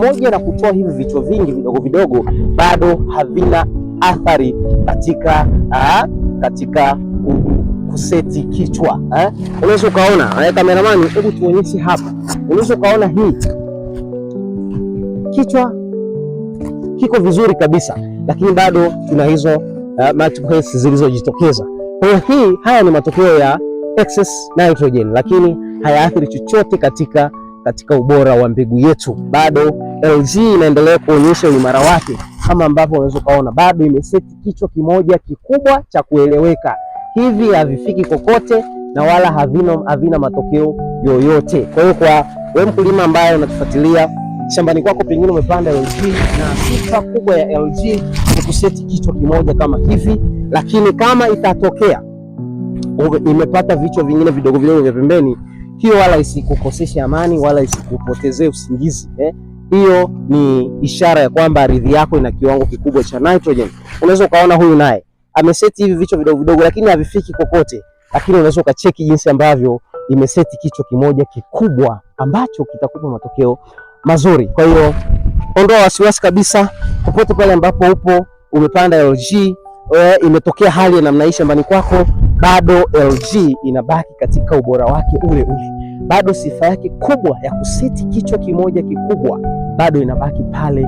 pamoja na kutoa hivi vichwa vingi vidogo vidogo, bado havina athari katika aa, ah, katika kuseti kichwa eh? Unaweza ukaona eh, kameramani, hebu tuonyeshe hapa. Unaweza ukaona hii kichwa kiko vizuri kabisa, lakini bado tuna hizo uh, zilizojitokeza. Kwa hiyo hii haya ni matokeo ya excess nitrogen, lakini hayaathiri chochote katika katika ubora wa mbegu yetu. Bado LG inaendelea kuonyesha uimara wake, kama ambavyo unaweza ukaona, bado imeseti kichwa kimoja kikubwa cha kueleweka. Hivi havifiki kokote na wala havina, havina matokeo yoyote. Kwa hiyo kwa wewe mkulima ambaye unatufuatilia shambani kwako, pengine umepanda LG na sifa kubwa ya LG ni kuseti kichwa kimoja kama hivi, lakini kama itatokea imepata vichwa vingine vidogo vidogo vya pembeni hiyo wala isikukoseshe amani wala isikupotezee usingizi eh? Hiyo ni ishara ya kwamba ardhi yako ina kiwango kikubwa cha nitrogen. Unaweza ukaona huyu naye ameseti hivi vichwa vidogo vidogo, lakini havifiki kokote, lakini unaweza ukacheki jinsi ambavyo imeseti kichwa kimoja kikubwa ambacho kitakupa matokeo mazuri. Kwa hiyo ondoa wasiwasi kabisa, popote pale ambapo upo umepanda LG, eh, imetokea hali ya namna hii shambani kwako bado LG inabaki katika ubora wake ule ule, bado sifa yake kubwa ya kusiti kichwa kimoja kikubwa bado inabaki pale